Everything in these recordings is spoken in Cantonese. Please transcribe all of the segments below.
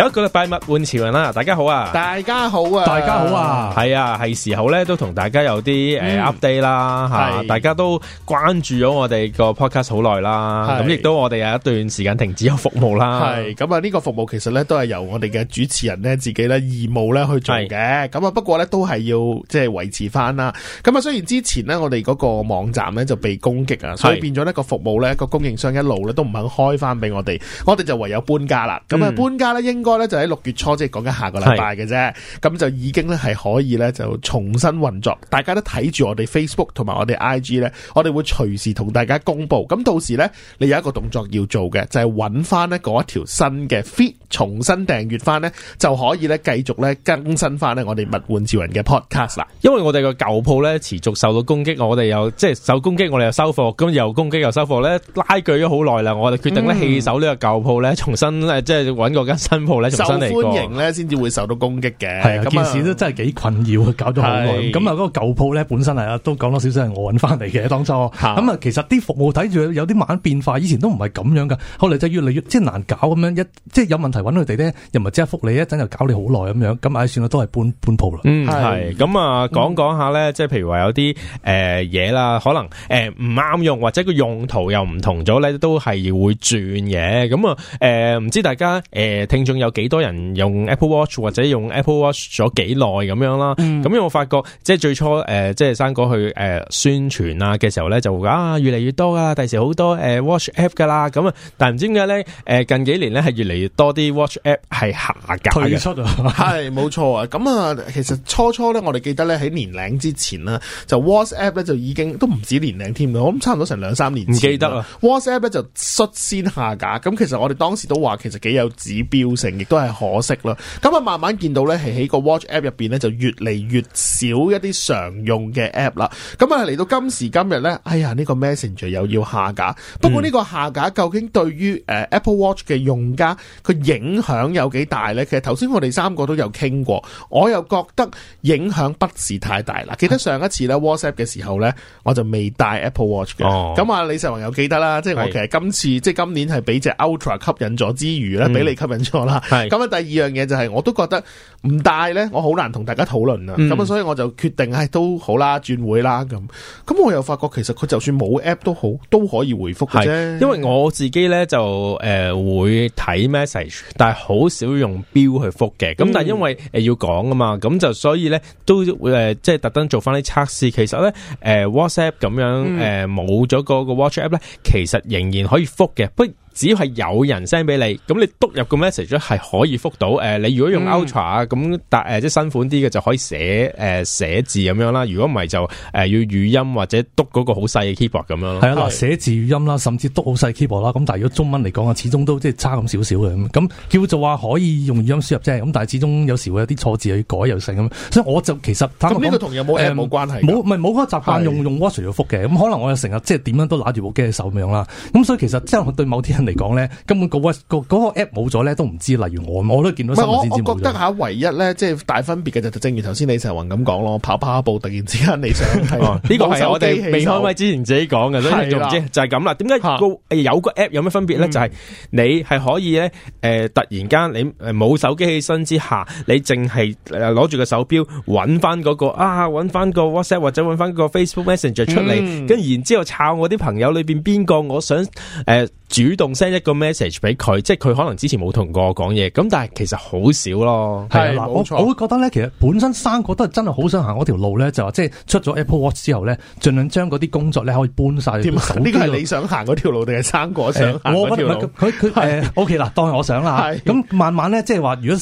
有一個禮拜物玩潮人啦，大家好啊！大家好啊！大家好啊！係啊，係時候咧，都同大家有啲誒 update 啦吓，大家都關注咗我哋個 podcast 好耐啦，咁亦都我哋有一段時間停止有服務啦。係咁啊，呢個服務其實咧都係由我哋嘅主持人咧自己咧義務咧去做嘅。咁啊，不過咧都係要即係維持翻啦。咁啊，雖然之前咧我哋嗰個網站咧就被攻擊啊，所以變咗咧個服務咧個供應商一路咧都唔肯開翻俾我哋，我哋就唯有搬家啦。咁啊，搬家咧應該。就喺六月初，即係講緊下個禮拜嘅啫。咁就已經咧係可以咧就重新運作。大家都睇住我哋 Facebook 同埋我哋 IG 咧，我哋會隨時同大家公布。咁到時咧，你有一個動作要做嘅，就係搵翻咧嗰一條新嘅 feed，重新訂閱翻咧，就可以咧繼續咧更新翻咧我哋物玩潮人嘅 podcast 啦。因為我哋個舊鋪咧持續受到攻擊，我哋有即係受攻擊，我哋又收貨，咁又攻擊又收貨咧，拉鋸咗好耐啦。我哋決定咧棄守呢個舊鋪咧，重新誒即係搵嗰間新。嗯受歡迎咧，先至會受到攻擊嘅。係啊、嗯，件事都真係幾困擾，搞咗好耐。咁啊，嗰、那個舊鋪咧，本身係啊，都講多少少係我揾翻嚟嘅當初咁啊，其實啲服務睇住有啲慢慢變化，以前都唔係咁樣噶，後來就越嚟越即係難搞咁樣，一即係有問題揾佢哋咧，又唔係即刻覆你，一陣又搞你好耐咁樣。咁啊，算啦，都係搬搬鋪啦。嗯，係。咁啊，講講下咧，即係譬如話有啲誒嘢啦，可能誒唔啱用，或者個用途又唔同咗咧，都係會轉嘅。咁啊，誒、呃、唔知大家誒、呃、聽眾。有幾多人用 Apple Watch 或者用 Apple Watch 咗幾耐咁樣啦？咁、嗯、我發覺即係最初誒、呃，即係生果去誒、呃、宣傳啊嘅時候咧，就啊越嚟越多呀，第時好多誒、呃、Watch App 噶啦。咁啊，但唔知點解咧？誒、呃，近幾年咧係越嚟越多啲 Watch App 係下架嘅，係冇錯啊。咁 啊，其實初初咧，我哋記得咧喺年零之前啦，就 WhatsApp 咧就已經都唔止年零添啦，我諗差唔多成兩三年前唔記得啦。WhatsApp 咧就率先下架，咁其實我哋當時都話其實幾有指標性。亦都係可惜咯，咁啊慢慢見到咧，係喺個 Watch App 入邊咧就越嚟越少一啲常用嘅 App 啦。咁啊嚟到今時今日咧，哎呀呢、呢個 Messenger 又要下架。不過呢個下架究竟對於誒 Apple Watch 嘅用家個影響有幾大咧？其實頭先我哋三個都有傾過，我又覺得影響不是太大啦。記得上一次咧 WhatsApp 嘅時候咧，我就未戴 Apple Watch 嘅。咁、哦、啊李世宏又記得啦，即係我其實今次即係今年係俾隻 Ultra 吸引咗之餘咧，俾、嗯、你吸引咗啦。係咁啊！第二樣嘢就係、是，我都覺得唔帶咧，我好難同大家討論啊！咁、嗯、啊，所以我就決定，係都好啦，轉會啦咁。咁我又發覺，其實佢就算冇 app 都好，都可以回覆嘅啫。因為我自己咧就誒、呃、會睇 message，但係好少用錶去覆嘅。咁、嗯、但係因為誒要講啊嘛，咁就所以咧都會誒即係特登做翻啲測試。其實咧誒、呃、WhatsApp 咁樣誒冇咗個個 Watch App 咧，其實仍然可以覆嘅。不只要係有人 send 俾你，咁你督入個 message 咧係可以覆到。誒、呃，你如果用 Ultra 咁、嗯，但誒即係新款啲嘅就可以寫誒、呃、寫字咁樣啦。如果唔係就誒要、呃、語音或者督嗰個好細嘅 keyboard 咁樣咯。係啊，嗱，寫字語音啦，甚至督好細 keyboard 啦。咁但係如果中文嚟講啊，始終都即係差咁少少嘅咁。咁叫做話可以用語音輸入啫。咁但係始終有時會有啲錯字去改又剩咁。所以我就其實，我呢個同有冇誒冇關係。冇、嗯，唔係冇嗰個習慣用用，用 Watch 嚟到覆嘅。咁可能我又成日即係點樣都揦住部機嘅手咁樣啦。咁所以其實即係對某啲嚟講咧，根本個 WhatsApp 嗰個 app 冇咗咧，都唔知。例如我我都見到，我到我，我覺得吓，唯一咧即係大分別嘅就，正如頭先李成雲咁講咯，跑跑步突然之間你想睇呢、 啊這個係我哋未開咪之前自己講嘅，所以你又知就係咁啦。點解個有個 app 有咩分別咧、嗯？就係、是、你係可以咧，誒、呃，突然間你誒冇手機起身之下，你淨係攞住個手表揾翻嗰個啊，揾翻個 WhatsApp 或者揾翻個 Facebook Messenger 出嚟，跟、嗯、然之後揾我啲朋友裏邊邊個我想誒。呃主動 send 一個 message 俾佢，即係佢可能之前冇同我講嘢，咁但係其實好少咯。係啊，我我會覺得咧，其實本身生果都係真係好想行嗰條路咧，就話即係出咗 Apple Watch 之後咧，盡量將嗰啲工作咧可以搬晒。呢個係你想行嗰條路定係生果想行嗰條路？欸，我覺得佢佢 O K 啦，當然我想啦咁 慢慢咧，即係話如果。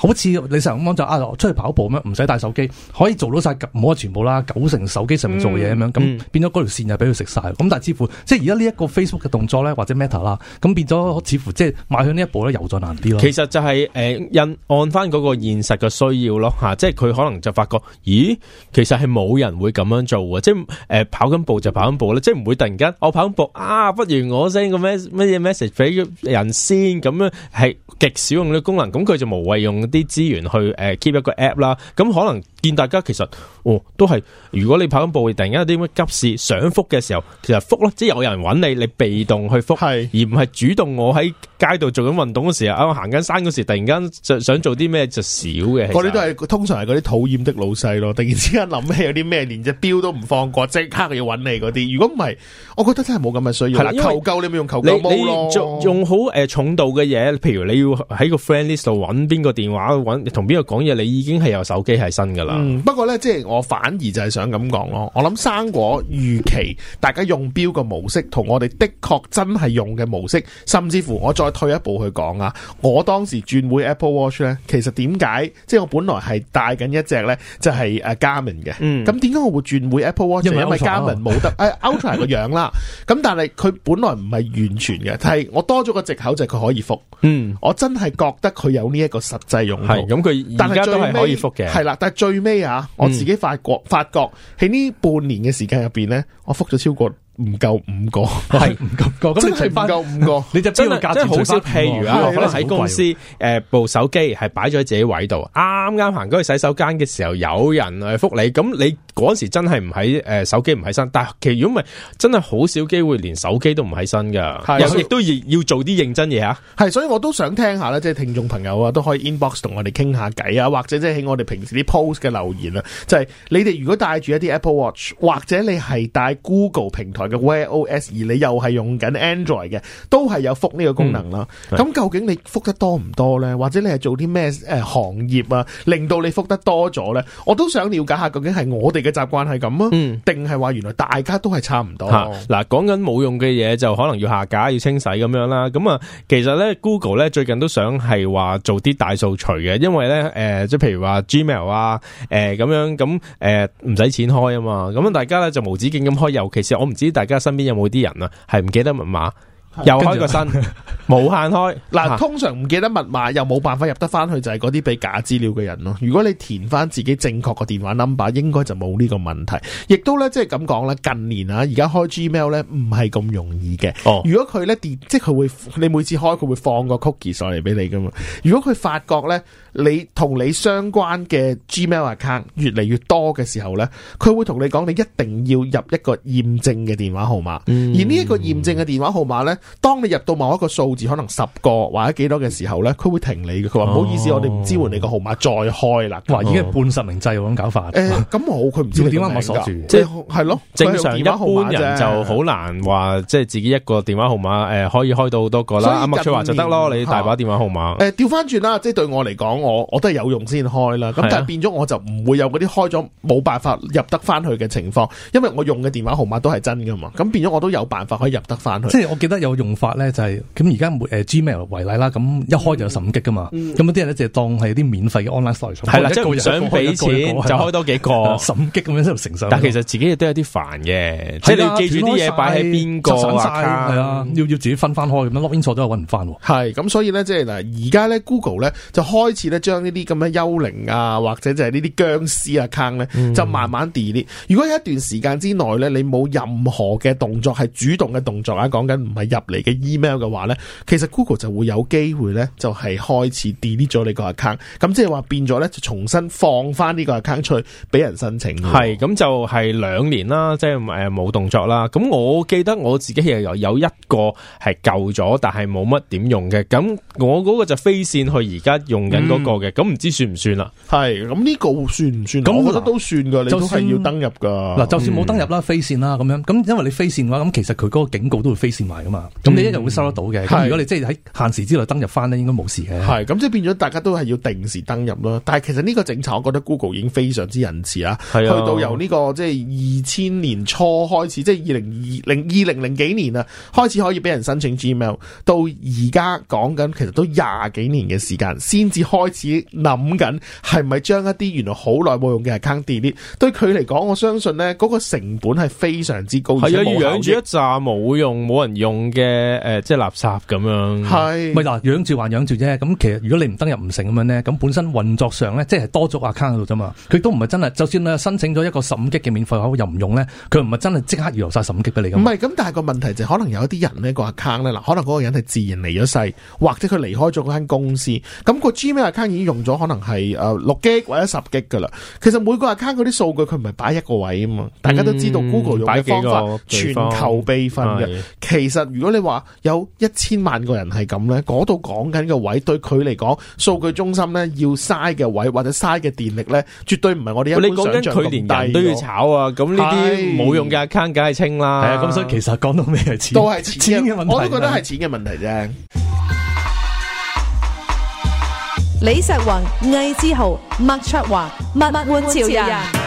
好似你成日咁講就啊，出去跑步咩？唔使帶手機，可以做到晒，唔好話全部啦，九成手機上面做嘢咁樣，咁變咗嗰條線就俾佢食晒。咁但係似乎即係而家呢一個 Facebook 嘅動作咧，或者 Meta 啦，咁變咗似乎即係邁向呢一步咧，又再難啲咯。其實就係、是、誒、呃、按按翻嗰個現實嘅需要咯吓、啊，即係佢可能就發覺，咦，其實係冇人會咁樣做嘅，即係、呃、跑緊步就跑緊步咧，即係唔會突然間我跑緊步啊，不如我 send 個咩乜嘢 message 俾人先咁樣，係極少用呢個功能，咁佢就無謂用。啲資源去誒 keep 一個 app 啦，咁可能。見大家其實哦，都係如果你跑緊步，突然間有啲乜急事想覆嘅時候，其實覆咯，即係有人揾你，你被動去覆，而唔係主動。我喺街度做緊運動嘅時候，啊、我行緊山嗰時候，突然間想做啲咩就少嘅。嗰啲都係通常係嗰啲討厭的老細咯，突然之間諗起有啲咩，連隻表都唔放過，即刻要揾你嗰啲。如果唔係，我覺得真係冇咁嘅需要。係啦，求救你咪用求救貓咯。用用好誒，重度嘅嘢，譬如你要喺個 friend list 度揾邊個電話，同邊個講嘢，你已經係有手機係新噶啦。嗯，不過咧，即係我反而就係想咁講咯。我諗生果預期大家用錶嘅模式，同我哋的確真係用嘅模式，甚至乎我再退一步去講啊，我當時轉會 Apple Watch 咧，其實點解？即係我本來係戴緊一隻咧，就係誒 Garmin 嘅。咁點解我會轉會 Apple Watch？因為 Garmin 冇得 o、 啊、Ultra 個樣啦。咁 但係佢本來唔係完全嘅，但係我多咗個藉口，就係佢可以覆。嗯，我真係覺得佢有呢一個實際用途。咁，佢而家都係可以覆嘅。係啦，但係最咩啊？我自己發覺，嗯、發覺喺呢半年嘅時間入邊咧，我覆咗超過。唔夠五個，係唔夠咁你係唔夠五個，你，五個你就知道真係真係好少。譬如啊，喺公司誒部手機係擺咗喺自己位度，啱啱行去洗手間嘅時候有人誒覆你，咁你陣時真係唔喺誒手機唔喺身，但係其實如果唔係真係好少機會連手機都唔喺身㗎，又亦都要要做啲認真嘢啊。係，所以我都想聽下咧，即係聽眾朋友啊都可以 inbox 同我哋傾下偈啊，或者即係喺我哋平時啲 post 嘅留言啊，就係你哋如果帶住一啲 Apple Watch 或者你係帶 Google 平台。個 Wear OS 而你又係用緊 Android 嘅，都係有覆呢個功能啦。咁、嗯、究竟你覆得多唔多咧？或者你係做啲咩誒行業啊，令到你覆得多咗咧？我都想了解下，究竟係我哋嘅習慣係咁啊，定係話原來大家都係差唔多。嗱、啊，講緊冇用嘅嘢就可能要下架、要清洗咁樣啦。咁啊，其實咧 Google 咧最近都想係話做啲大掃除嘅，因為咧誒，即、呃、係譬如話 Gmail 啊，誒、呃、咁樣咁誒唔使錢開啊嘛。咁啊，大家咧就無止境咁開，尤其是我唔知。大家身邊有冇啲人啊？係唔記得密碼又開個新，無限開嗱。 通常唔記得密碼又冇辦法入得翻去，就係嗰啲俾假資料嘅人咯。如果你填翻自己正確個電話 number，應該就冇呢個問題。亦都咧，即係咁講啦，近年啊，而家開 Gmail 咧唔係咁容易嘅。哦，如果佢咧電，即係佢會，你每次開佢會放個 cookie 上嚟俾你噶嘛。如果佢發覺咧。你同你相關嘅 Gmail account 越嚟越多嘅時候咧，佢會同你講，你一定要入一個驗證嘅電話號碼、嗯。而呢一個驗證嘅電話號碼咧，當你入到某一個數字，可能十個或者幾多嘅時候咧，佢會停你嘅。佢話唔好意思，我哋唔支援你個號碼再開啦。話，已經半實名制咁搞法。誒、欸，咁好，佢唔知點解我鎖住。即係係咯，正常一般人就好難話，即係自己一個電話號碼誒，可以開到好多個啦。阿麥翠華就得咯，你大把電話號碼。誒、啊，調翻轉啦，即係對我嚟講。我我都係有用先開啦，咁但係變咗我就唔會有嗰啲開咗冇辦法入得翻去嘅情況，因為我用嘅電話號碼都係真噶嘛，咁變咗我都有辦法可以入得翻去。即係我記得有用法咧、就係，就係咁而家冇誒 gmail 為例啦，咁一開就有十五擊噶嘛，咁有啲人咧就當係啲免費嘅 online service。係、嗯、啦，即係想俾錢個人個個人個就開多幾個，十五擊咁樣就承受。但其實自己亦都有啲煩嘅，即係你要記住啲嘢擺喺邊個啊？啊，要、啊、要自己分翻開咁樣，lock in 錯都係揾唔翻。係咁，所以咧即係嗱，而家咧 Google 咧就開始。咧將呢啲咁樣幽靈啊，或者就係呢啲僵屍啊 account 咧，就慢慢 delete。如果有一段時間之內咧，你冇任何嘅動作，係主動嘅動作啊，講緊唔係入嚟嘅 email 嘅話咧，其實 Google 就會有機會咧，就係開始 delete 咗你個 account。咁即係話變咗咧，就重新放翻呢個 account 出去俾人申請。係咁就係兩年啦，即係誒冇動作啦。咁我記得我自己又有一個係舊咗，但係冇乜點用嘅。咁我嗰個就飛線去而家用緊嗰個。嘅咁唔知算唔算啦？係咁呢個算唔算？咁我覺得都算噶，你都係要登入噶。嗱，就算冇登入啦，飛、嗯、線啦咁樣咁，因為你飛線嘅話，咁其實佢嗰個警告都會飛線埋噶嘛。咁、嗯、你一樣會收得到嘅。係如果你即係喺限時之內登入翻呢，應該冇事嘅。係咁即係變咗，大家都係要定時登入啦。但係其實呢個政策，我覺得 Google 已經非常之仁慈啦、啊。去到由呢、這個即係二千年初開始，即係二零二零二零零幾年啊，開始可以俾人申請 Gmail，到而家講緊其實都廿幾年嘅時間先至開開始諗緊係咪將一啲原來好耐冇用嘅 account delete？對佢嚟講，我相信呢嗰個成本係非常之高。係啊，養住一扎冇用、冇人用嘅，誒、即、呃、係、就是、垃圾咁樣。係咪嗱？養住還養住啫。咁其實如果你唔登入唔成咁樣呢，咁本身運作上呢，即係多咗個 account 喺度啫嘛。佢都唔係真係，就算申請咗一個十五 G 嘅免費口又唔用呢，佢唔係真係即刻預留曬十五 G 俾你噶唔係咁，但係個問題就是、可能有一啲人呢個 account 呢，嗱，可能嗰個人係自然離咗世，或者佢離開咗嗰間公司，咁、個 g 已經用咗可能係誒六 G 或者十 G 噶啦，其實每個 account 嗰啲數據佢唔係擺一個位啊嘛，嗯，大家都知道 Google 用嘅方法擺幾個地方全球備份嘅。其實如果你話有一千萬個人係咁咧，嗰度講緊嘅位對佢嚟講，數據中心咧要嘥嘅位或者嘥嘅電力咧，絕對唔係我哋一般想象咁大。你講緊佢連人都要炒啊，咁呢啲冇用嘅 account 梗係清啦。係啊，咁所以其實講到咩係錢，都係錢嘅問題。我都覺得係錢嘅問題啫。李錫宏、魏之豪、麥卓華、物、玩、潮、人。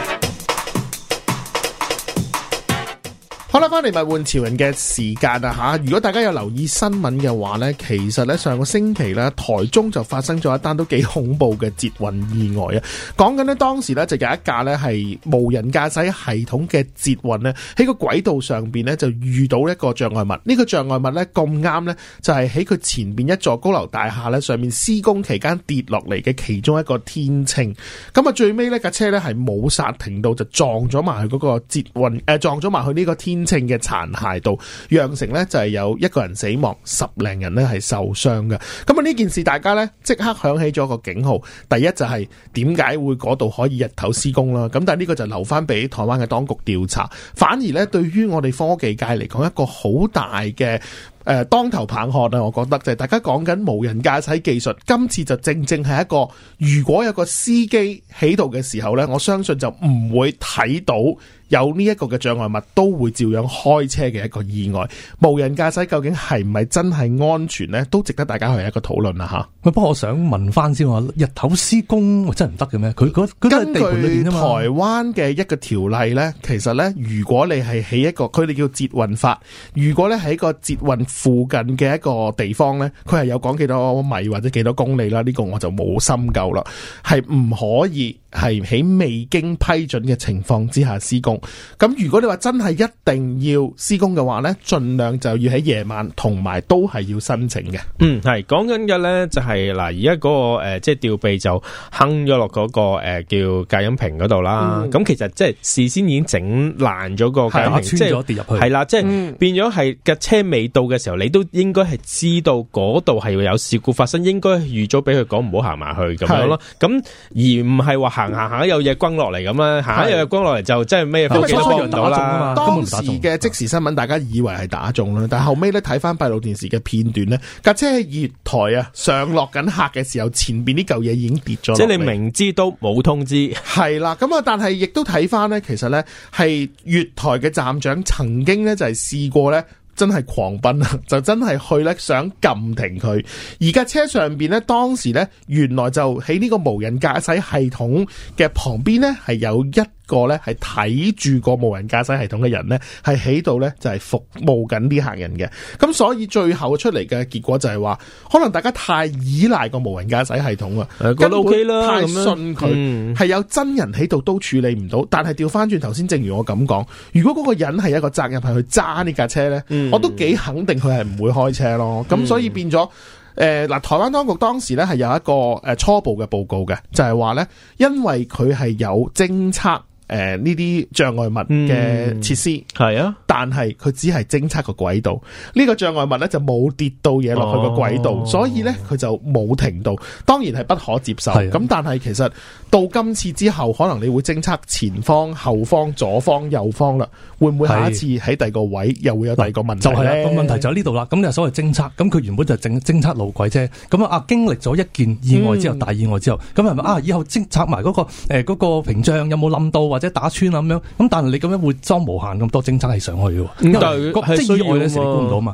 好啦，翻嚟《物玩潮人》嘅時間啊吓！如果大家有留意新聞嘅話呢，其實呢，上個星期呢，台中就發生咗一單都幾恐怖嘅捷運意外啊！講緊呢當時呢就有一架呢係無人駕駛系統嘅捷運呢喺個軌道上邊呢，就遇到一個障礙物，呢、呢個障礙物呢，咁啱呢，就係喺佢前邊一座高樓大廈呢上面施工期間跌落嚟嘅其中一個天秤，咁啊最尾呢架車呢，係冇剎停到就撞咗埋去嗰個捷運誒、呃、撞咗埋去呢個天。清嘅殘骸度，釀成呢就係有一個人死亡，十零人呢係受傷嘅。咁啊呢件事，大家呢即刻響起咗個警號。第一就係點解會嗰度可以日頭施工啦？咁但係呢個就留翻俾台灣嘅當局調查。反而呢，對於我哋科技界嚟講，一個好大嘅。誒，當頭棒喝啊！我覺得就係大家講緊無人駕駛技術，今次就正正係一個，如果有個司機喺度嘅時候呢，我相信就唔會睇到有呢一個嘅障礙物，都會照樣開車嘅一個意外。無人駕駛究竟係唔係真係安全呢？都值得大家去一個討論啦，吓。不過我想問翻先，日頭施工真係唔得嘅咩？佢嗰嗰啲地盤裏邊啊嘛。根據台灣嘅一個條例咧，其實咧，如果你係起一個，佢哋叫捷運法，如果咧喺個捷運。附近嘅一個地方咧，佢係有講幾多米或者幾多公里啦？呢、這個我就冇深究啦，係唔可以。係喺未經批准嘅情況之下施工，咁如果你話真係一定要施工嘅話咧，盡量就要喺夜晚，同埋都係要申請嘅。嗯，係講緊嘅咧，就係、是、嗱，而家嗰個誒、呃，即係吊臂就坑咗落嗰個誒、呃、叫隔音屏嗰度啦。咁、嗯、其實即係事先已經整爛咗個隔音屏，即係、啊就是、跌入去係啦，即係、啊就是、變咗係架車未到嘅時候、嗯，你都應該係知道嗰度係會有事故發生，應該預早俾佢講唔好行埋去咁樣咯。咁而唔係話行行下走走有嘢轟落嚟咁啦，行下有嘢轟落嚟就即係咩？當然打中啦。當時嘅即時新聞，大家以為係打中啦、嗯，但後尾咧睇翻閉路電視嘅片段呢，架、嗯、車喺月台啊上落緊客嘅時候，前邊啲嚿嘢已經跌咗。即係你明知都冇通知，係啦。咁啊，但係亦都睇翻呢，其實呢係月台嘅站長曾經呢就係、是、試過呢。真係狂奔啊！就真係去咧想撳停佢，而架車上邊咧，當時咧原來就喺呢個無人駕駛系統嘅旁邊咧，係有一個咧係睇住個無人駕駛系統嘅人咧，係喺度咧就係服務緊啲客人嘅。咁所以最後出嚟嘅結果就係話，可能大家太依賴個無人駕駛系統啊，根本太信佢，係、啊嗯、有真人喺度都處理唔到。但係調翻轉頭先，正如我咁講，如果嗰個人係一個責任係去揸呢架車咧、嗯，我都幾肯定佢係唔會開車咯。咁、嗯、所以變咗，誒、呃、嗱，台灣當局當時咧係有一個誒初步嘅報告嘅，就係話咧，因為佢係有政策。誒，呢啲障礙物嘅設施係啊，但係佢只係偵測個軌道，呢、這個障礙物咧就冇跌到嘢落去個軌道、哦，所以咧佢就冇停到，當然係不可接受。咁、啊、但係其實。到今次之後，可能你會偵測前方、後方、左方、右方啦。會唔會下一次喺第二個位又會有第二個問題就係、是、啦，個問題就喺呢度啦。咁就所謂偵測，咁佢原本就係偵偵測路軌啫。咁啊，經歷咗一件意外之後，嗯、大意外之後，咁係咪啊？以後偵測埋嗰、那個誒、欸那個、屏障有冇冧到或者打穿咁樣咁，但係你咁樣會裝無限咁多偵測係上去喎。咁就係係意外咧，你估唔到嘛。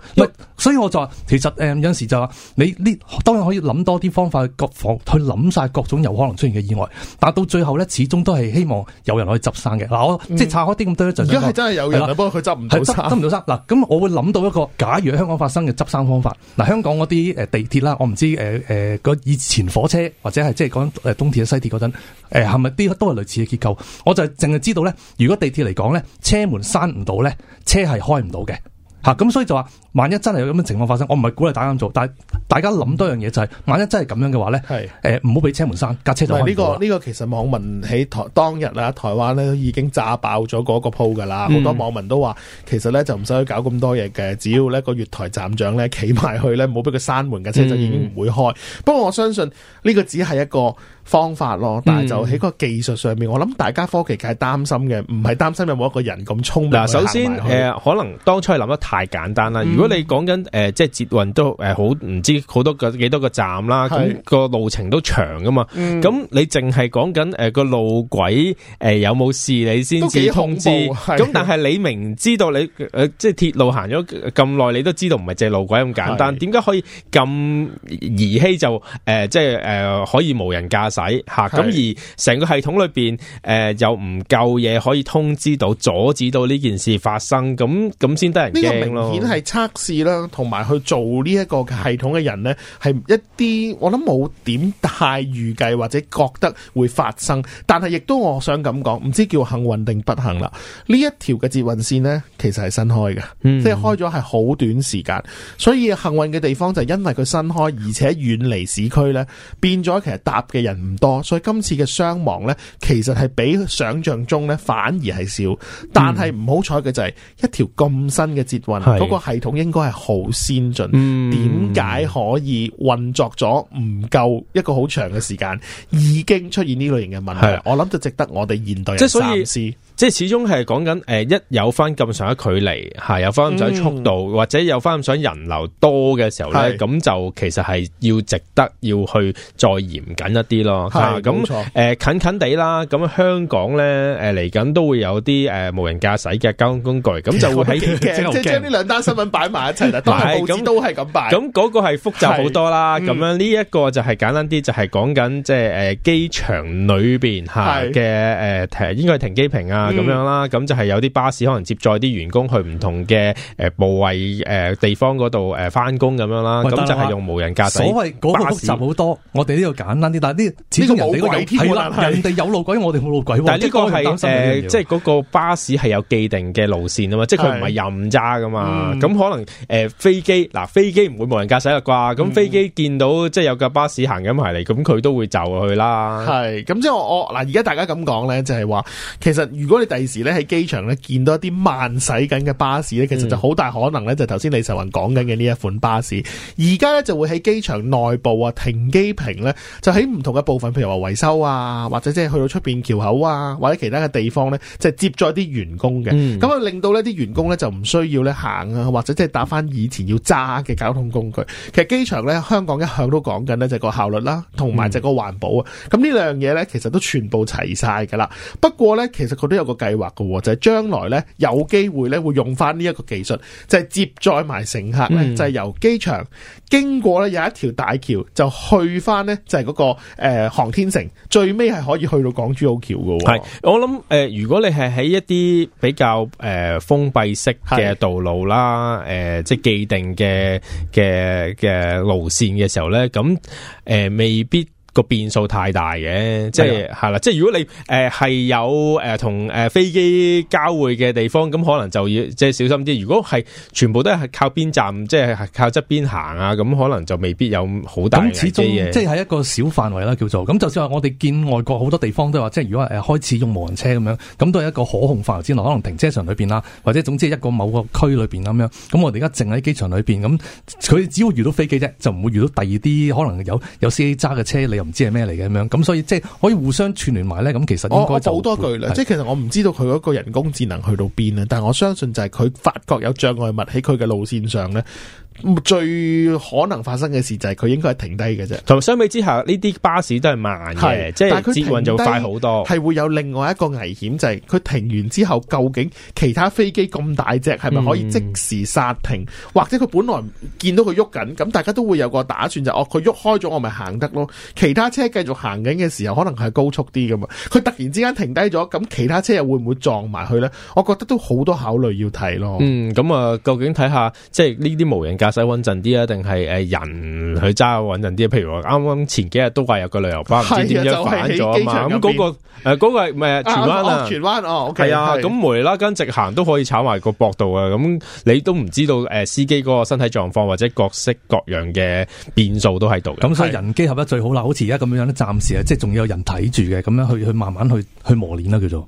所以我就話，其實誒、嗯、有陣時就話你呢，當然可以諗多啲方法去防，去諗晒各種有可能出現嘅意外。但到最後咧，始終都係希望有人可以執生嘅。嗱，我即係、嗯、拆開啲咁多一陣。如果係真係有人不、啊，係幫佢執唔到生，執唔到生。嗱，咁我會諗到一個假如喺香港發生嘅執生方法。嗱，香港嗰啲誒地鐵啦，我唔知誒誒，個、呃、以前火車或者係即係講誒東鐵嘅西鐵嗰陣，誒係咪啲都係類似嘅結構？我就淨係知道咧，如果地鐵嚟講咧，車門閂唔到咧，車係開唔到嘅。吓、啊、咁所以就話，萬一真係有咁嘅情況發生，我唔係鼓勵大家咁做，但係大家諗多樣嘢就係、是，萬一真係咁樣嘅話咧，係誒唔好俾車門閂，架車就呢、這個呢、這個其實網民喺台當日啊台灣咧已經炸爆咗嗰個鋪噶啦，好多網民都話，其實咧就唔使去搞咁多嘢嘅，只要呢個月台站長咧企埋去咧，唔好俾佢閂門，架車就已經唔會開、嗯。不過我相信呢個只係一個。方法咯，但係就喺個技術上面、嗯，我諗大家科技界擔心嘅，唔係擔心有冇一個人咁聰明。嗱，首先誒、呃、可能當初係諗得太簡單啦、嗯。如果你講緊誒即係捷運都誒好唔知好多個幾多個站啦，咁、嗰個路程都長噶嘛。咁、嗯、你淨係講緊誒個路軌誒有冇事，你先至通知。咁但係你明知道你誒、呃、即係鐵路行咗咁耐，你都知道唔係隻路軌咁簡單，點解可以咁兒戲就誒、呃、即係誒、呃、可以無人駕駛。吓、啊，咁而成個系統裏邊，誒、呃、又唔夠嘢可以通知到、阻止到呢件事發生，咁咁先得人。呢、呢個明顯係測試啦，同埋去做呢一個系統嘅人咧，係一啲我諗冇點太預計或者覺得會發生，但係亦都我想咁講，唔知叫幸運定不幸啦。一呢一條嘅捷運線咧，其實係新開嘅，嗯嗯即係開咗係好短時間，所以幸運嘅地方就係因為佢新開，而且遠離市區咧，變咗其實搭嘅人。唔多，所以今次嘅傷亡呢，其實係比想象中呢反而係少。但係唔好彩嘅就係、是嗯、一條咁新嘅捷運，嗰、嗰個系統應該係好先進。點、嗯、解可以運作咗唔夠一個好長嘅時間，已經出現呢類型嘅問題？我諗就值得我哋現代人三思即係始終係講緊誒，一有翻咁上下嘅距離嚇，有翻咁上下速度，或者有翻咁上人流多嘅時候咧，咁就其實係要值得要去再嚴謹一啲咯。係咁誒，近近地啦。咁香港咧誒，嚟緊都會有啲誒無人駕駛嘅交通工具，咁就會喺即係將呢兩單新聞擺埋一齊啦。擺咁都係咁擺。咁嗰個係複雜好多啦。咁樣呢一個就係簡單啲，就係講緊即係誒機場裏邊嚇嘅誒停，應該係停機坪啊。咁樣啦，咁就係有啲巴士可能接載啲員工去唔同嘅誒部位誒地方嗰度誒翻工，咁樣啦，咁就係用無人駕駛。嗰個複雜好多，我哋呢度簡單啲，但係呢始終人哋個有，係人哋有路軌，我哋冇路軌。但係呢個係誒，即係嗰個巴士係有既定嘅路線啊嘛，即係佢唔係任揸噶嘛，咁可能誒飛機嗱，飛機唔會無人駕駛啦啩？咁飛機見到即係有架巴士行緊埋嚟，咁佢都會就去啦。係咁即係我嗱，而家大家咁講咧，就係話其實如果你第時咧喺機場咧見到一啲慢駛緊嘅巴士咧，其實就好大可能咧就頭先李秀雲講緊嘅呢一款巴士。而家咧就會喺機場內部啊、停機坪咧，就喺唔同嘅部分，譬如話維修啊，或者即係去到出邊橋口啊，或者其他嘅地方咧，就是，接載啲員工嘅。咁、嗯、啊，令到呢啲員工咧就唔需要咧行啊，或者即係搭翻以前要揸嘅交通工具。其實機場咧，香港一向都講緊咧就個效率啦，同埋就個環保啊。咁呢兩樣嘢咧，其實都全部齊曬噶啦。不過咧，其實佢都有。個計劃嘅，就係將來咧有機會咧會用翻呢一個技術，就係接載埋乘客咧，就係由機場經過咧有一條大橋，就去翻咧就係嗰個誒航天城，最尾係可以去到港珠澳橋嘅。係我諗誒，如果你係喺一啲比較誒封閉式嘅道路啦，誒即係既定嘅嘅嘅路線嘅時候咧，咁誒未必。個變數太大嘅，即係係啦，即係如果你誒係、呃、有誒同誒飛機交匯嘅地方，咁可能就要即係小心啲。如果係全部都係靠邊站，即係靠側邊行啊，咁可能就未必有好大嘅咁始終即係一個小範圍啦，叫做咁。就算話我哋見外國好多地方都話，即係如果誒開始用無人車咁樣，咁都係一個可控範圍之內。可能停車場裏邊啦，或者總之一個某個區裏邊咁樣。咁我哋而家淨喺機場裏邊，咁佢只要遇到飛機啫，就唔會遇到第二啲可能有有司 a 揸嘅車，你又。唔知係咩嚟嘅咁樣，咁所以即係可以互相串聯埋咧。咁其實哦，好多句啦，即係其實我唔知道佢嗰個人工智能去到邊啊，但係我相信就係佢發覺有障礙物喺佢嘅路線上咧。最可能發生嘅事就係佢應該係停低嘅啫，同相比之下呢啲巴士都係慢嘅，即係但係佢停就快好多。係會有另外一個危險就係、是、佢停完之後，究竟其他飛機咁大隻，係咪可以即時剎停、嗯？或者佢本來見到佢喐緊，咁大家都會有個打算，就是、哦佢喐開咗，我咪行得咯。其他車繼續行緊嘅時候，可能係高速啲噶嘛。佢突然之間停低咗，咁其他車又會唔會撞埋去呢？我覺得都好多考慮要睇咯。嗯，咁啊，究竟睇下即係呢啲無人機。使穩陣啲啊？定係誒，人去揸穩陣啲啊？譬如話啱啱前幾日都話有個旅遊巴，唔知點樣反咗，咁嗰個誒嗰、呃那個係咪啊，荃灣荃灣哦，係啊。咁無厘啦根直行都可以炒埋個博度啊。咁你都唔知道誒、呃、司機嗰個身體狀況或者各式各樣嘅變數都喺度。咁所以人機合一最好啦。好似而家咁樣咧，暫時啊，即係仲有人睇住嘅，咁樣去去慢慢去去磨練啦，叫做。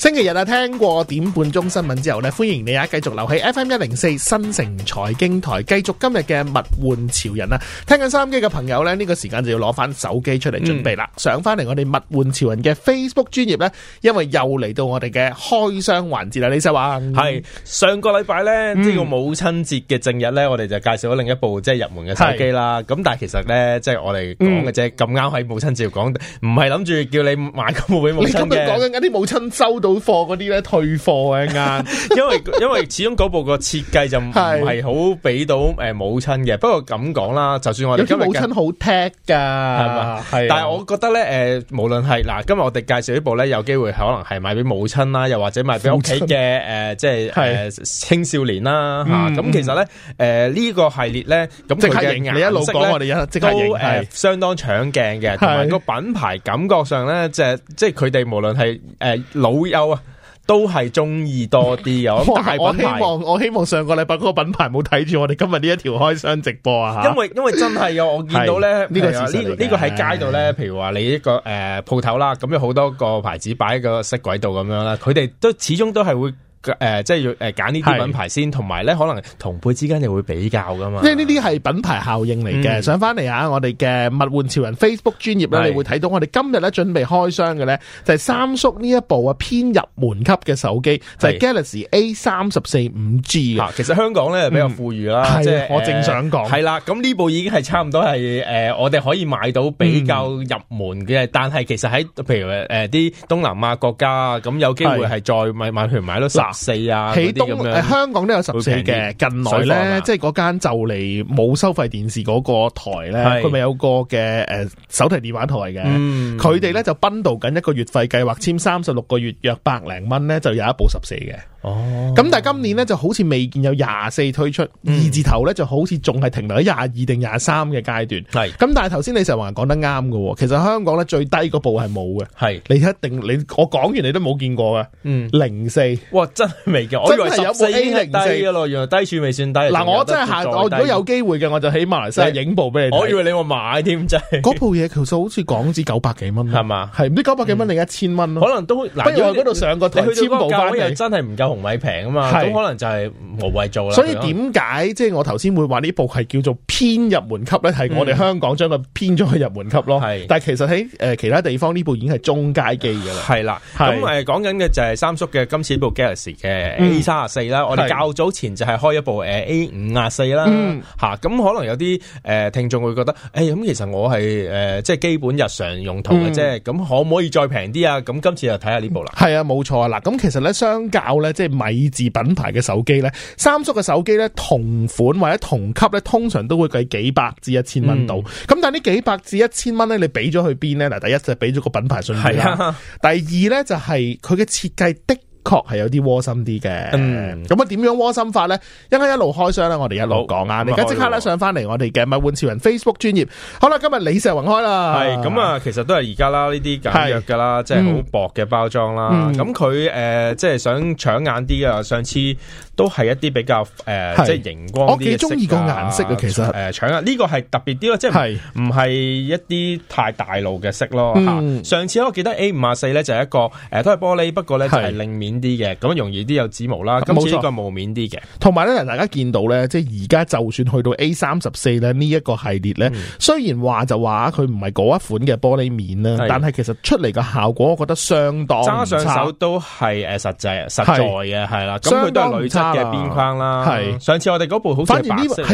星期日啊，聽過點半鐘新聞之後呢，歡迎你啊，繼續留喺 FM 一零四新城財經台，繼續今日嘅物換潮人啊！聽緊收音機嘅朋友呢，呢、呢個時間就要攞翻手機出嚟準備啦、嗯，上翻嚟我哋物換潮人嘅 Facebook 專頁呢，因為又嚟到我哋嘅開箱環節啦！你實話係上個禮拜呢、嗯、即係個母親節嘅正日呢，我哋就介紹咗另一部即係、就是、入門嘅手機啦。咁但係其實呢，即係我哋講嘅啫，咁啱喺母親節講，唔係諗住叫你買個俾母親，講緊啲母親收到。好貨嗰啲咧，退貨嘅因為因為始終嗰部個設計就唔係好俾到誒母親嘅。不過咁講啦，就算我哋母親好 tag 噶，係嘛？但係我覺得咧，誒，無論係嗱，今日我哋介紹呢部咧，有機會可能係買俾母親啦，又或者買俾屋企嘅誒，即係誒青少年啦吓。咁、嗯、其實咧，誒、呃、呢、呢個系列咧，咁、呃、嘅你一路講我哋都、呃、相當搶鏡嘅，同埋個品牌感覺上咧，就係即係佢哋無論係誒老都係中意多啲啊！我我希望我希望上個禮拜嗰個品牌冇睇住我哋今日呢一條開箱直播啊！因為因為真係有， 我見到咧、這個這個、呢個呢個喺街度咧，譬如話你一個誒鋪頭啦，咁、呃、有好多個牌子擺喺個色軌度咁樣啦，佢哋都始終都係會。誒、呃，即係要誒揀呢啲品牌先，同埋咧可能同輩之間就會比較噶嘛。即係呢啲係品牌效應嚟嘅、嗯。上翻嚟啊，我哋嘅物換潮人 Facebook 專頁咧，你會睇到我哋今日咧準備開箱嘅咧，就係、是、三叔呢一部啊偏入門級嘅手機，就係、是、Galaxy A34 5G 其實香港咧比較富裕啦，即、嗯、係、就是嗯、我正想講係啦。咁呢部已經係差唔多係誒、呃，我哋可以買到比較入門嘅、嗯，但係其實喺譬如誒啲、呃、東南亞國家啊，咁有機會係再買買台買到十四啊，喺東誒香港都有十四嘅。近來咧即係嗰間就嚟冇收費電視嗰個台咧，佢咪有個嘅誒、uh, 手提電話台嘅，佢哋咧就檳到緊一個月費計劃，簽三十六個月約百零蚊咧就有一部十四嘅。哦，咁但係今年咧就好似未見有廿四推出、嗯，二字頭咧就好似仲係停留喺廿二定廿三嘅階段。係，咁但係頭先你成日話講得啱嘅，其實香港咧最低嗰部係冇嘅。係，你一定你我講完你都冇見過嘅。嗯，零四，哇！真係未嘅，我以為十四零四咯，原來低處未算低。嗱，我真係下，我如果有機會嘅，我就喺馬來西亞影部俾你。我以為你話買添，真係嗰部嘢，其實好似港紙九百幾蚊，係嘛？係唔知九百幾蚊定一千蚊咯？可能都，不如我嗰度上個台簽報翻你，真係唔夠紅米平啊嘛？咁可能就係無謂做啦。所以點解即係我頭先會話呢部係叫做偏入門級咧？係我哋香港將佢偏咗去入門級咯。係，但係其實喺誒其他地方呢部已經係中階機㗎啦。係啦，咁誒講緊嘅就係三叔嘅今次呢部 Galaxy。嘅 A 三啊四啦，我哋較早前就係開一部誒 A 五啊四啦，吓咁可能有啲誒、呃、聽眾會覺得，誒、欸、咁其實我係誒、呃、即係基本日常用途嘅啫，咁、嗯、可唔可以再平啲啊？咁今次就睇下呢部啦。係啊，冇錯啊，嗱咁其實咧，相較咧，即係米字品牌嘅手機咧，三叔嘅手機咧，同款或者同級咧，通常都會計幾百至一千蚊度。咁、嗯、但係呢幾百至一千蚊咧，你俾咗去邊咧？嗱，第一就俾咗個品牌信息啦、啊，第二咧就係佢嘅設計的。確係有啲窩心啲嘅，咁啊點樣窩心法咧？一陣間一路開箱咧，我哋一路講啊。而家即刻咧上翻嚟我哋嘅物玩潮人 Facebook 專頁。好啦，今日李石云開啦。係咁啊，其實都係而家啦，呢啲簡約噶啦，即係好薄嘅包裝啦。咁佢誒，即係想搶眼啲啊。上次都係一啲比較誒、呃，即係熒光的的。我幾中意個顏色嘅，其實誒，搶眼呢個係特別啲咯，即係唔係一啲太大路嘅色咯。吓、嗯，上次我記得 A 五四咧就係一個誒、呃、都係玻璃，不過咧就係另面。面啲嘅咁容易啲有指模啦，咁、嗯、好呢個霧面啲嘅，同埋咧，大家見到咧，即係而家就算去到 A 三十四咧呢一、這個系列咧、嗯，雖然話就話佢唔係嗰一款嘅玻璃面啦，但係其實出嚟嘅效果，我覺得相當揸上手都係誒實際實在嘅係啦，咁佢都係鋁質嘅邊框啦。係上次我哋嗰部好似，反而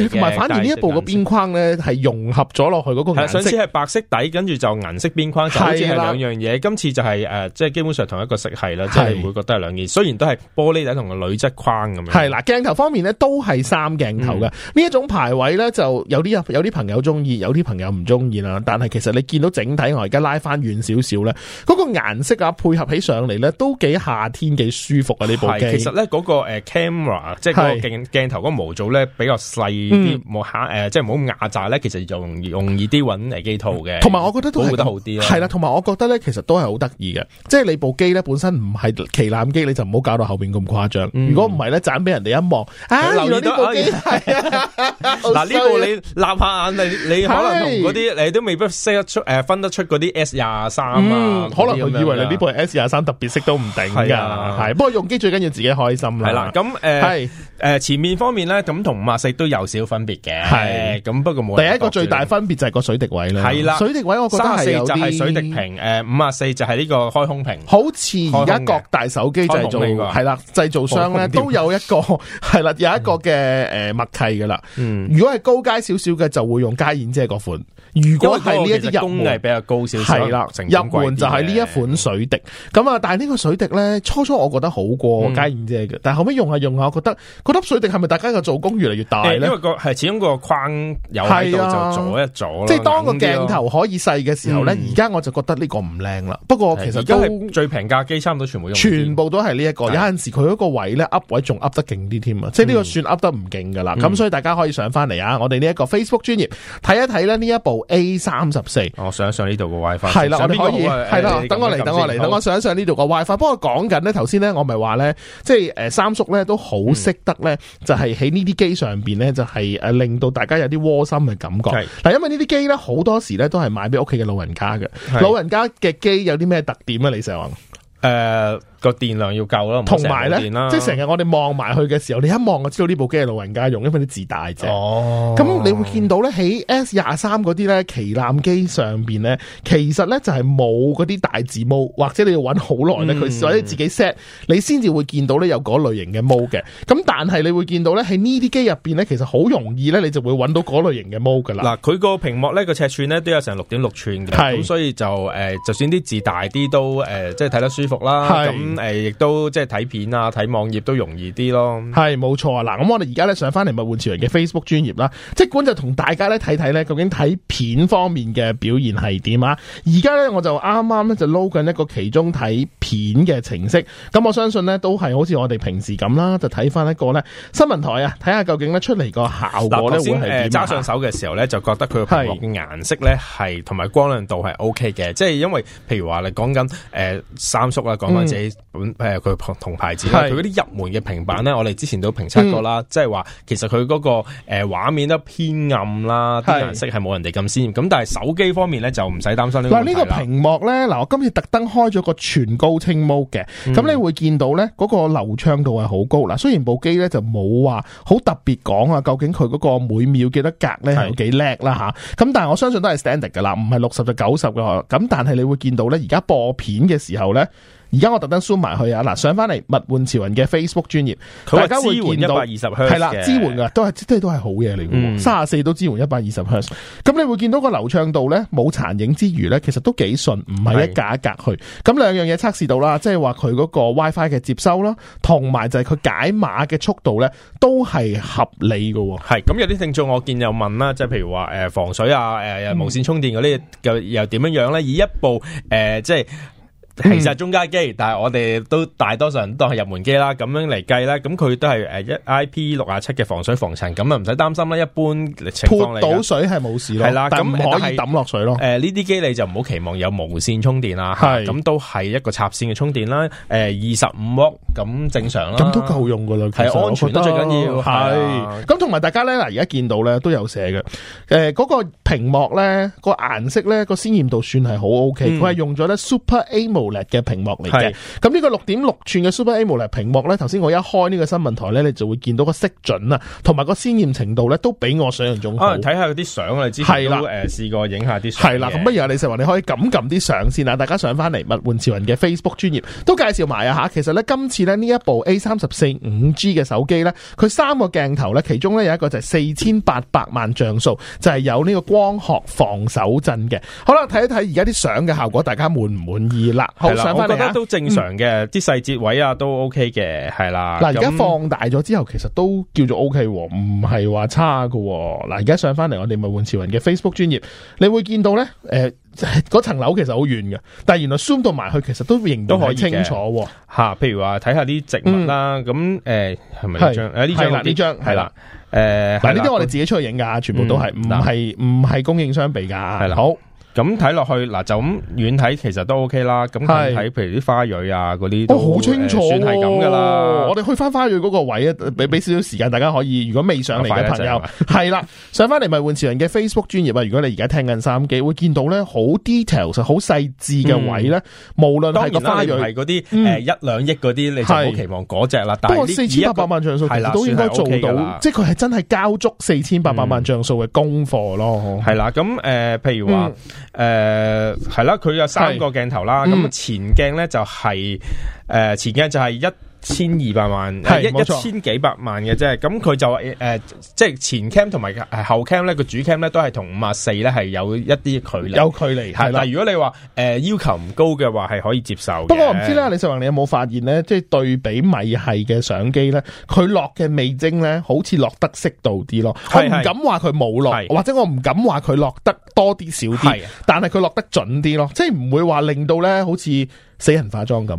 同埋，反而呢一部個邊框咧係融合咗落去嗰個。係上次係白色底，跟住就銀色邊框，就好似係兩樣嘢。今次就係、是、誒、即、呃、係基本上同一個色系啦，即係唔會覺得雖然都係玻璃底同個鋁質框咁樣，係啦，鏡頭方面咧都係三鏡頭嘅、嗯、呢一種排位咧，就有啲有啲朋友中意，有啲朋友唔中意啦。但係其實你見到整體我而家拉翻遠少少咧，嗰、嗰個顏色啊配合起上嚟，咧都幾夏天幾舒服啊！呢部機其實咧嗰個誒 camera 即係個鏡鏡頭嗰個模組咧比較細啲，冇誒即係冇咁亞雜咧，其實就、那個、呃嗯啊呃、容易容易啲搵嚟機套嘅。同、嗯、埋我覺得都保護得好啲啦，係啦，同埋我覺得咧其實都係好得意嘅，即係你部機咧本身唔係旗艦。你就唔好搞到後邊咁誇張。如果唔係咧，盞俾人哋一望，啊，留意到這、哎、啊。嗱，呢部你立下眼，你、啊、你可能同嗰啲你都未必識得出，誒，分得出嗰啲 S 廿三啊。嗯、可能佢以為你呢部 S 廿三特別色都唔定噶。係、啊啊，不過用機最緊要自己開心啦。係啦、啊，咁誒，誒、呃啊，前面方面咧，咁同五啊四都有少分別嘅。係、啊，咁、啊、不過冇。第一個最大分別就係個水滴位啦。係啦、啊，水滴位我覺得係有啲。誒、啊，五啊四就係呢個開空屏，好似而家各大手機。製、就是、造係啦，製造商咧，哦嗯、都有一個係啦，有一個嘅誒、呃、默契噶啦、嗯。如果係高階少少嘅，就會用佳燕姐嗰款。如果係呢一啲入門工藝比較高少少，係啦，入門就係呢一款水滴。咁、嗯、啊，但係呢個水滴咧，初初我覺得好過佳燕姐嘅、嗯，但係後尾用下用下，我覺得嗰粒水滴係咪大家嘅做工越嚟越大咧？因為個係始終個框有喺度就阻一阻，即係當個鏡頭可以細嘅時候咧，而、嗯、家我就覺得呢個唔靚啦。不過其實都最平價機差唔多全部用，全部都。都係呢一個，的有陣時佢嗰個位咧，up 位仲 up 得勁啲添啊！即係呢個算 up 得唔勁噶啦，咁、嗯、所以大家可以上翻嚟啊！我哋呢一個 Facebook 專頁睇一睇咧，呢一部 A 三十四，我上一上呢度個 WiFi 係啦，我哋可以係啦，等我嚟，等我嚟，等我上一上呢度個 WiFi。不過講緊呢，頭先咧，我咪話咧，即係誒三叔咧都好識得咧、嗯，就係喺呢啲機上邊咧，就係誒令到大家有啲窩心嘅感覺。嗱，因為呢啲機咧好多時咧都係買俾屋企嘅老人家嘅，老人家嘅機有啲咩特點啊？你成日話誒。呃個電量要夠咯，同埋咧，即係成日我哋望埋去嘅時候，你一望就知道呢部機係老人家用，因為啲字大啫。哦，咁你會見到咧喺 S 廿三嗰啲咧旗艦機上邊咧，其實咧就係冇嗰啲大字模，或者你要搵好耐咧，佢或者自己 set，你先至會見到咧有嗰類型嘅模嘅。咁但係你會見到咧喺呢啲機入邊咧，其實好容易咧，你就會搵到嗰類型嘅模噶啦。嗱，佢個屏幕呢個尺寸咧都有成六點六寸嘅，咁所以就誒、呃，就算啲字大啲都誒，即係睇得舒服啦。誒、嗯，亦都即係睇片啊，睇網頁都容易啲咯。係，冇錯啊。嗱，咁我哋而家咧上翻嚟咪物玩潮人嘅 Facebook 專頁啦，即管就同大家咧睇睇咧，究竟睇片方面嘅表現係點啊？而家咧我就啱啱咧就 login 一個其中睇片嘅程式，咁我相信呢，都係好似我哋平時咁啦，就睇翻一個咧新聞台啊，睇下究竟咧出嚟個效果咧會係點。揸、呃、上手嘅時候咧，就覺得佢嘅顏色咧係同埋光亮度係 OK 嘅，即係因為譬如話你講緊誒三叔啊，講緊自己。嗯本誒佢同牌子佢嗰啲入門嘅平板咧，我哋之前都評測過啦，即係話其實佢嗰、那個誒畫、呃、面都偏暗啦，啲顏色係冇人哋咁鮮。咁但係手機方面咧就唔使擔心呢。嗱呢個，就是，個屏幕咧，嗱我今次特登開咗個全高清 mode 嘅，咁、嗯、你會見到咧嗰、那個流暢度係好高啦。啦雖然部機咧就冇話好特別講啊，究竟佢嗰個每秒幾多格咧係有幾叻啦吓。咁、嗯、但係我相信都係 standard 噶啦，唔係六十就九十嘅。咁但係你會見到咧而家播片嘅時候咧。而家我特登搜埋去啊！嗱，上翻嚟物玩潮人嘅 Facebook 專頁，大家會見到係啦，支援噶，都係即係都係好嘢嚟嘅。三十四都支援一百二十赫茲，咁你會見到個流暢度咧，冇殘影之餘咧，其實都幾順，唔係一格一格去。咁兩樣嘢測試到啦，即係話佢嗰個 WiFi 嘅接收啦，同埋就係佢解碼嘅速度咧，都係合理喎。係咁有啲聽眾我見又問啦，即係譬如話誒防水啊，誒無線充電嗰啲又又點樣樣咧？以一部誒、呃、即係。其實係中階機，但係我哋都大多數人都係入門機啦，咁樣嚟計啦，咁佢都係誒一 IP 六啊七嘅防水防塵，咁啊唔使擔心啦。一般情況嚟講，潑到水係冇事咯，係啦，咁唔可以抌落水咯。誒呢啲機你就唔好期望有無線充電啦，係咁都係一個插線嘅充電啦。誒二十五瓦咁正常啦，咁都夠用㗎啦，係安全得最緊要。係咁同埋大家咧，嗱而家見到咧都有寫嘅，誒、呃、嗰、嗰個屏幕咧、嗰個顏色咧、嗰個鮮豔度算係好 OK，佢、嗯、係用咗咧 Super AMO 嘅屏幕嚟嘅，咁呢個六點六寸嘅 Super AMOLED 屏幕咧，頭先我一開呢個新聞台咧，你就會見到個色準啦，同埋個鮮艷程度咧都比我想象中好。睇下啲相，之前都誒試、呃、過影下啲相。係啦，咁不如啊李石云，你可以撳一撳啲相先啦。大家上翻嚟物玩潮人嘅 Facebook 專頁，都介紹埋啊吓。其實咧今次咧呢一部 A 三十四 5G 嘅手機咧，佢三個鏡頭咧，其中咧有一個就係四千八百萬像素，就係、是、有呢個光學防手震嘅。好啦，睇一睇而家啲相嘅效果，大家滿唔滿意啦？係啦，我覺得都正常嘅，啲細節位啊都 OK 嘅，係啦。嗱，而家放大咗之後，其實都叫做 OK，唔係話差噶。嗱，而家上翻嚟，我哋咪換潮人嘅 Facebook 專頁，你會見到咧，誒、呃，嗰層樓其實好遠嘅，但係原來 zoom 到埋去，其實都認都可以清楚。吓、啊，譬如話睇下啲植物啦，咁、嗯、誒，係咪呢張？呢張，呢張係啦，誒，嗱，呢、啊、張我哋自己出去影噶、嗯，全部都係，唔係唔係供應商俾噶，係啦，好。咁睇落去嗱，就咁遠睇其實都 O、OK、K 啦。咁睇，譬如啲花蕊啊都，嗰啲都好清楚。算係咁噶啦。我哋去翻花蕊嗰個位啊，俾俾少少時間，大家可以。如果未上嚟嘅朋友，係 啦，上翻嚟咪換潮人嘅 Facebook 專頁啊。如果你而家聽緊收音機，會見到咧好 details、好細緻嘅位咧，無論係個花蕊係嗰啲誒一兩億嗰啲，你就好期望嗰隻啦。但係四千八百萬像素，係啦，都應該做到。OK，即係佢係真係交足四千八百萬像素嘅功課咯。係啦，咁、嗯、誒、呃，譬如話。嗯誒、呃，係啦，佢有三個鏡頭啦，咁啊前鏡咧就係、是，誒、嗯呃，前鏡就係一千二百萬係，一千幾百萬嘅啫。咁佢就話，誒、呃，即係前 cam 同埋後 cam 咧，個主 cam 咧都係同五啊四咧係有一啲距離，有距離係啦。但如果你話誒、呃、要求唔高嘅話，係可以接受。不過我唔知你你有有呢，李世宏，你有冇發現咧？即係對比米係嘅相機咧，佢落嘅味精咧，好似落得適度啲咯。佢唔敢話佢冇落，或者我唔敢話佢落得多啲少啲。但係佢落得準啲咯，即係唔會話令到咧，好似。死人化妝咁，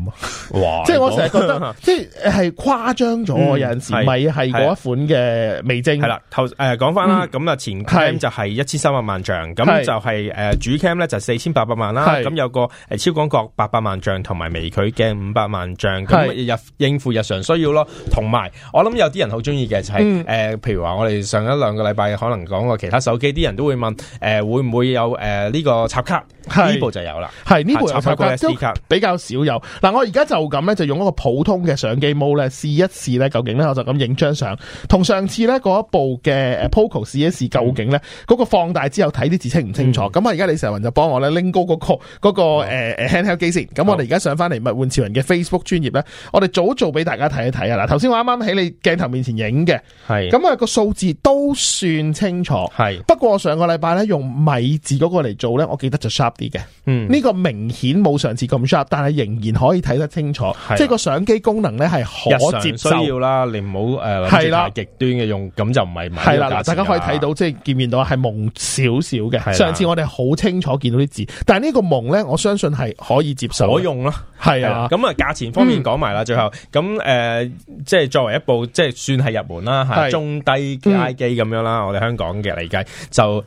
哇！ 即係我成日覺得， 即係誇張咗。有陣時咪係嗰一款嘅味精，係啦。頭誒講翻啦，咁啊前 cam 就係一千三百萬像，咁就係誒主 cam 咧就四千八百萬啦。咁有個超廣角八百萬像，同埋微距鏡五百萬像，咁日應付日常需要咯。同埋我諗有啲人好中意嘅就係、是、誒、嗯呃，譬如話我哋上一兩個禮拜可能講過其他手機，啲人都會問誒、呃，會唔會有誒呢、呃這個插卡？呢部就有啦，係呢部有插卡，插卡比較。較少有，嗱、啊，我而家就咁咧，就用一個普通嘅相機模咧試一試咧，究竟咧我就咁影張相，同上次咧嗰一部嘅 Poco 試一試，究竟咧嗰個放大之後睇啲字清唔清楚？咁、嗯、啊，而家李成云就幫我咧拎高嗰、那個誒誒 handheld 機先。咁我哋而家上翻嚟物玩潮人嘅 Facebook 專頁咧，我哋早做俾大家睇一睇啊！嗱，頭先我啱啱喺你鏡頭面前影嘅，係咁啊個數字都算清楚，係不過上個禮拜咧用米字嗰個嚟做咧，我記得就 sharp 啲嘅，嗯，呢、這個明顯冇上次咁 sharp，但係仍然可以睇得清楚，啊、即係個相機功能咧係可接受。需要啦，你唔好誒，係啦太極端嘅用，咁、啊、就唔係、啊。係啦，嗱，大家可以睇到，即係見面到係蒙少少嘅、啊。上次我哋好清楚見到啲字，但係呢個蒙咧，我相信係可以接受。可用咯，係啊。咁啊，價錢方面講埋啦，最後咁誒、呃，即係作為一部即係算係入門啦，係中低階機咁樣啦。我哋香港嘅嚟計就誒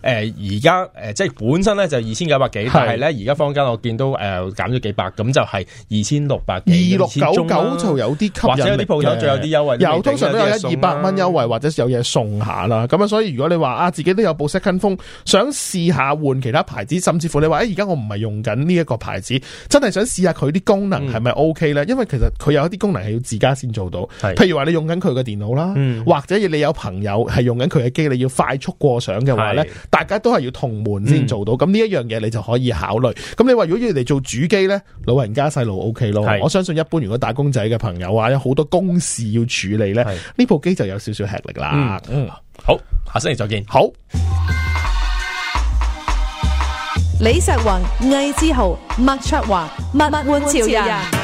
而家誒，即係本身咧就二千九百幾，但係咧而家坊間我見到誒減咗幾百，咁就係二千六百幾，二六九九就有啲吸引，或者啲鋪頭仲有啲優惠，有通常都有一二百蚊優惠，或者有嘢送下啦。咁啊，所以如果你話啊，自己都有部 Second Phone，想試下換其他牌子，甚至乎你話，誒、欸，而家我唔係用緊呢一個牌子，真係想試下佢啲功能係咪 OK 呢、嗯？因為其實佢有一啲功能係要自家先做到，譬如話你用緊佢嘅電腦啦、嗯，或者你有朋友係用緊佢嘅機，你要快速過相嘅話呢，大家都係要同門先做到。咁呢一樣嘢你就可以考慮。咁你話如果要嚟做主機呢？老係。家細路 OK 咯，我相信一般如果打工仔嘅朋友啊，有好多公事要處理咧，呢部機就有少少吃力啦、嗯。嗯，好，下星期再見。好，李石宏、魏之豪、麥卓華、物玩潮人。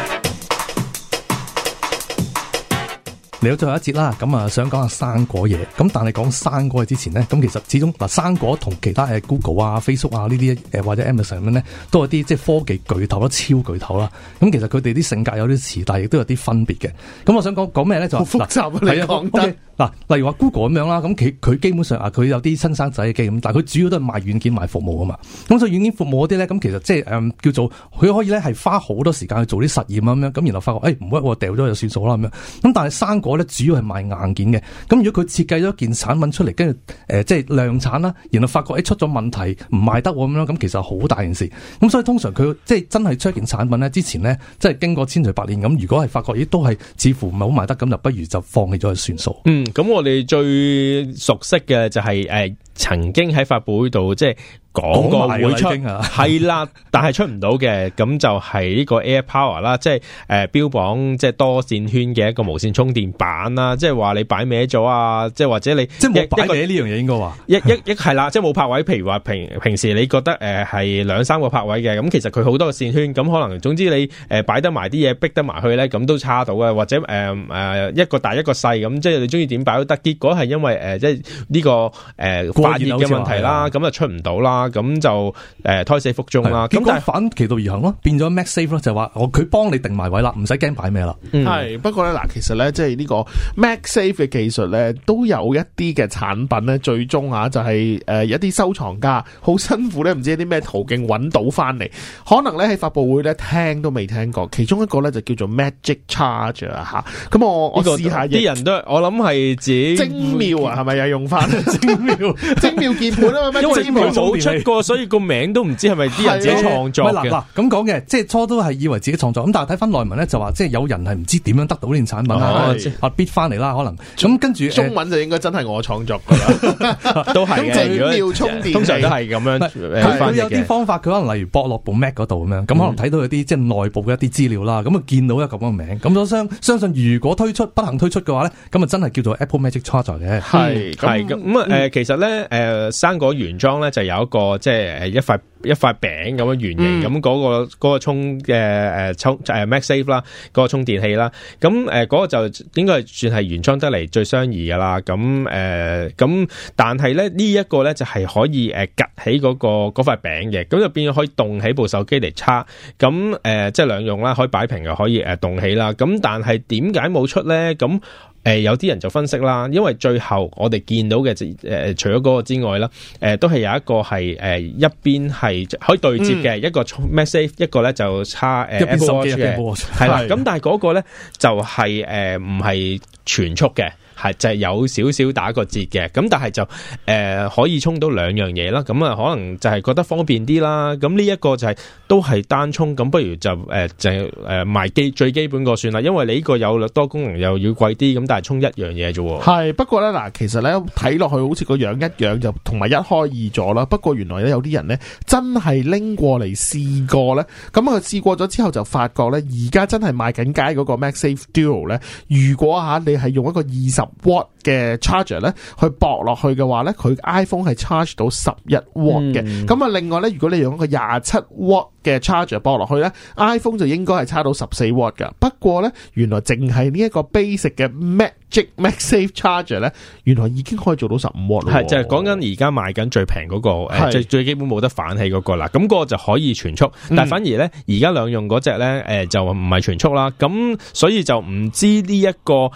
有最後一節啦，咁啊想講下生果嘢。咁但係講生果嘅之前咧，咁其實始終嗱，生果同其他誒 Google 啊、Facebook 啊呢啲誒或者 Amazon 咁咧，都有啲即係科技巨頭啦、超巨頭啦。咁其實佢哋啲性格有啲似，但係亦都有啲分別嘅。咁我想講講咩咧？就嗱、是，係啊你得，OK 嗱，例如話 Google 咁樣啦，咁佢佢基本上啊，佢有啲親生仔嘅機咁，但係佢主要都係賣軟件、賣服務啊嘛。咁所以軟件服務嗰啲咧，咁其實即係誒叫做佢可以咧係花好多時間去做啲實驗啊咁樣，咁然後發覺誒唔得，我掉咗就算數啦咁樣。咁但係生果。咧主要係賣硬件嘅，咁如果佢設計咗一件產品出嚟，跟住誒，即係量產啦，然後發覺誒出咗問題唔賣得咁樣，咁其實好大件事。咁所以通常佢即係真係出一件產品咧，之前咧即係經過千錘百煉咁，如果係發覺咦都係似乎唔好賣得，咁就不如就放棄咗算數。嗯，咁我哋最熟悉嘅就係、是、誒、呃，曾經喺發佈會度即係。講過會出係啦、啊，但係出唔到嘅，咁 就係呢個 Air Power 啦、呃，即係誒標榜即係多線圈嘅一個無線充電板啦，即係話你擺歪咗啊，即係或者你即係冇擺歪。呢樣嘢應該話一一一係啦，即係冇 拍位，譬如話平平時你覺得誒係兩三個拍位嘅，咁其實佢好多個線圈，咁可能總之你誒擺得埋啲嘢，逼得埋去咧，咁都差到啊，或者誒誒、呃、一個大一個細咁，即係你中意點擺都得。結果係因為誒、呃、即係呢、這個誒、呃、發熱嘅問題啦，咁就出唔到啦。咁就誒胎死腹中啦。咁但係反其道而行咯，變咗 MagSafe 咯，就係話我佢幫你定埋位啦，唔使驚擺咩啦。係、嗯、不過咧嗱，其實咧即係呢個 MagSafe 嘅技術咧，都有一啲嘅產品咧，最終啊就係有一啲收藏家好辛苦咧，唔知啲咩途徑揾到翻嚟。可能咧喺發布會咧聽都未聽過。其中一個咧就叫做 Magic Charger 咁、啊、我、這個、我試下啲人都我諗係精精妙啊，係咪又用翻精妙見 精妙鍵盤啊嘛？因為冇出。個 所以個名都唔知係咪啲人自己創作嗱咁講嘅，即係初都係以為自己創作，咁但係睇翻內文咧，就話即係有人係唔知點樣得到呢件產品啦，或 b 翻嚟啦，可能咁跟住中文就應該真係我創作噶啦， 都係是的。咁 要充電，通常都係咁樣。佢、嗯、有啲方法，佢可能例如博樂部 Mac 嗰度咁樣，咁可能睇到有啲即係內部嘅一啲資料啦，咁啊見到一個咁嘅名，咁所相相信如果推出，不幸推出嘅話咧，咁啊真係叫做 Apple Magic Charger 嘅，係係咁咁誒，其實咧誒、呃，生果原裝咧就有一個。哦，即係一塊一塊餅咁樣圓形，咁、嗯、嗰、那個嗰、那個充嘅誒充誒 MagSafe 啦，嗰、呃呃、個充電器啦，咁誒嗰個就應該係算係原裝得嚟最相宜噶啦，咁誒咁但係咧呢一、這個咧就係、是、可以誒夾、呃、起嗰、那個嗰塊餅嘅，咁就變咗可以動起部手機嚟插，咁誒、呃、即係兩用啦，可以擺平又可以誒、呃、動起啦，咁但係點解冇出咧？咁誒、呃、有啲人就分析啦，因為最後我哋見到嘅、呃、除咗嗰個之外啦，誒、呃、都係有一個係誒、呃、一邊係可以對接嘅、嗯、一個 message，一個咧就差誒。一邊 watch，一邊 watch，係啦。咁但係嗰個咧就係誒唔係全速嘅。係就係、是、有少少打個折嘅，咁但係就誒、呃、可以充到兩樣嘢啦，咁啊可能就係覺得方便啲啦。咁呢一個就係、是、都係單充，咁不如就誒、呃、就誒賣基最基本個算啦。因為你呢個有多功能又要貴啲，咁但係充一樣嘢啫。係不過咧嗱，其實咧睇落去好似個樣一樣，就同埋一開二咗啦。不過原來咧有啲人咧真係拎過嚟試過咧，咁佢試過咗之後就發覺咧，而家真係賣緊街嗰個 MagSafe Duo 咧，如果吓、啊、你係用一個二十。瓦嘅 charger 咧，去駁落去嘅話咧，佢 iPhone 係 charge 到十一瓦嘅。咁啊，另外咧，如果你用一個廿七瓦。嘅 charger 放落去咧，iPhone 就應該係差到十四瓦噶。不過咧，原來淨係呢一個 basic 嘅 MagSafe Charger 咧，原來已經可以做到十五瓦咯。係就係講緊而家賣緊最平嗰、嗰個，最最基本冇得反起嗰個啦。咁、嗰個就可以全速，但係反而咧，而家兩用嗰隻咧，誒就唔係全速啦。咁所以就唔知呢一、呢個誒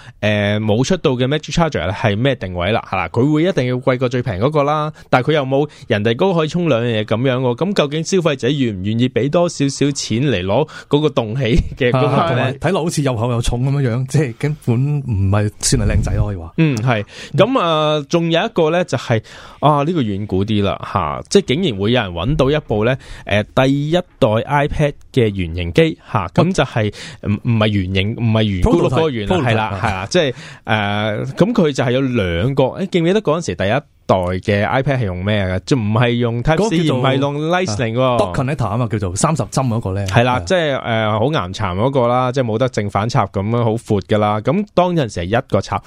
冇、呃、出到嘅 Magic Charger 係咩定位啦。係啦，佢會一定要貴過最平嗰、嗰個啦，但係佢又冇人哋嗰個可以充兩樣嘢咁樣噶。咁究竟消費者願唔願意俾？俾多少少錢嚟攞嗰個動氣嘅功能，睇落好似又厚又重咁樣樣，即係根本唔係算係靚仔咯，可以話。嗯，係。咁啊，仲、呃、有一個咧，就係、是、啊呢、呢個遠古啲啦，吓、啊，即係竟然會有人揾到一部咧，誒、呃、第一代 iPad 嘅原型機吓，咁、啊、就係唔唔係圓形，唔係圓咕碌個圓，係啦係啦，即係誒，咁佢、 啊、就係有兩個，誒、啊、記唔記得嗰陣時候第一代嘅 iPad 係用咩嘅、啊啊？即唔係用 Type-C 唔係用 Lightning Docking 啊嘛，叫做三十針嗰個咧。係啦，即係好岩殘嗰個啦，即冇得正反插咁樣好闊嘅啦。咁當陣時係一個插。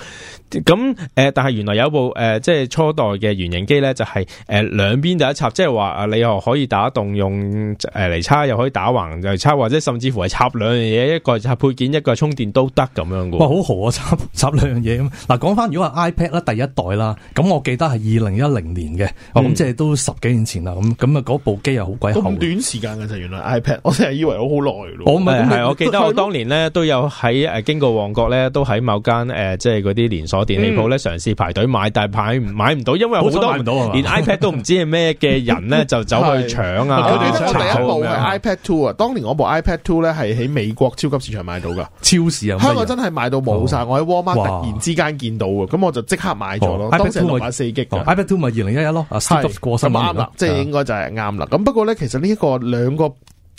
咁、呃、但係原來有部、呃、即係初代嘅原型機咧，就係、是、誒、呃、兩邊就一插，即係話啊，你又可以打動用嚟、呃、插，又可以打橫嚟插，或者甚至乎係插兩樣嘢，一個插配件，一個係充，充電都得咁樣嘅。哇，好豪啊！插插兩樣嘢咁。嗱、啊，講翻如果話 iPad 啦，第一代啦，咁我記得係二零一零年嘅，咁、嗯、即係都十幾年前啦。咁咁啊，嗰部機又好鬼厚。咁短時間嘅就原來 iPad，我真係以為我好耐咯。我唔係，我記得我當年咧都有喺誒經過旺角咧，都喺某間、呃、即係嗰啲連鎖便、嗯、電器店咧嘗試排隊買，但係排唔買唔到，因為好多唔到連 iPad 都唔知係咩嘅人咧，就走去搶啊！ 啊第一部係 iPad Two 啊，當年我部 iPad Two 咧係喺美國超級市場買到噶，超市啊，香港真係買到冇晒、哦。我喺沃爾瑪突然之間見到咁我就即刻買咗咯。哦、當時六十四激 iPad Two 咪二零一一咯，差、哦、唔多過十萬啦，即係應該就係啱啦。咁、啊、不過咧，其實呢一個兩個。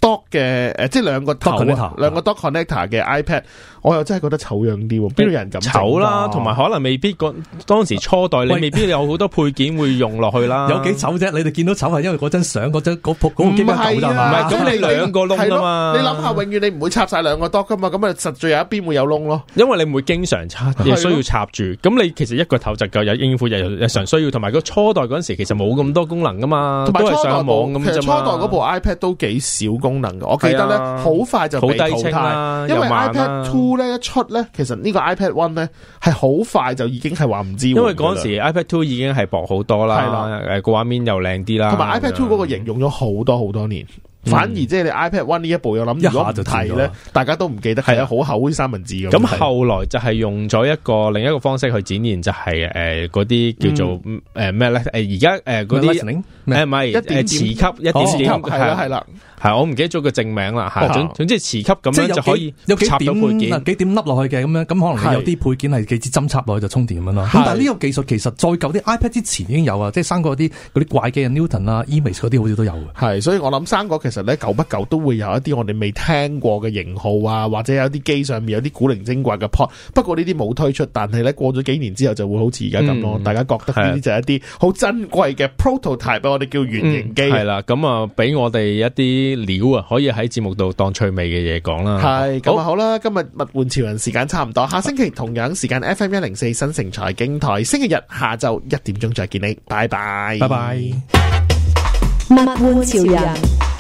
多嘅誒，即係兩個頭，頭、啊，兩個 Dock Connector 嘅 iPad，哦、我又真係覺得醜樣啲，邊度有人咁醜啦？同埋可能未必個、啊、當時初代你未必有好多配件會用落去啦。有幾醜啫？你哋見到醜係因為嗰張相，嗰張嗰、啊、個機身舊啊嘛。唔係，唔係咁你兩個窿啊嘛。你諗下，永遠你唔會插晒兩個 Dock 噶嘛，咁啊實在有一邊會有窿咯。因為你唔會經常插，你需要插住。咁你其實一個頭就夠有應付，日常需要。同埋個初代嗰陣時其實冇咁多功能噶嘛，都係上網咁其實初代嗰部，部 iPad 都幾少功功能，我記得咧，好、啊、快就俾淘汰，清啊、因為 iPad Two 咧一、啊、出咧，其實這個呢個 iPad One 咧係好快就已經係話唔知。因為嗰陣時 iPad Two 已經係薄好多了啦，誒、呃，個畫面又靚啲啦，同埋 iPad Two 嗰個形容咗好多好多年，啊、反而即係你 iPad One 呢一部，有諗一下就睇咧，大家都唔記得，係啊，好厚啲三文治咁。咁後來就係用咗一個另一個方式去展現，就是，就係誒嗰啲叫做誒咩咧？誒而家誒嗰啲。呃唔係唔係，磁、欸、吸，一點磁吸，係啦係我唔記得咗個正名啦，係、oh，總總之磁吸咁咧就可以有幾配件，幾點，幾點凹落去嘅咁樣，咁可能有啲配件係幾支針插落去就充電咁樣咯。咁但係呢個技術其實再舊啲 iPad 之前已經有，三有 Nuton，啊，即係生果啲嗰啲怪嘅 Newton 啊，Eames 嗰啲好似都有係，所以我諗生果其實咧舊不舊都會有一啲我哋未聽過嘅型號啊，或者有啲機上面有啲古靈精怪嘅 port。不過呢啲冇推出，但係咧過咗幾年之後就會好似而家咁咯。嗯、大家覺得呢啲就係一啲好珍貴嘅 prototype。我哋叫原型機，係啦，咁啊，俾我哋一啲料啊，可以喺節目度當趣味嘅嘢講啦。係，咁啊好啦，今日物換潮人時間差唔多，下星期同樣時間 FM 一零四新城財經台星期日下晝一點鐘再見你，拜拜，拜拜，物換潮人。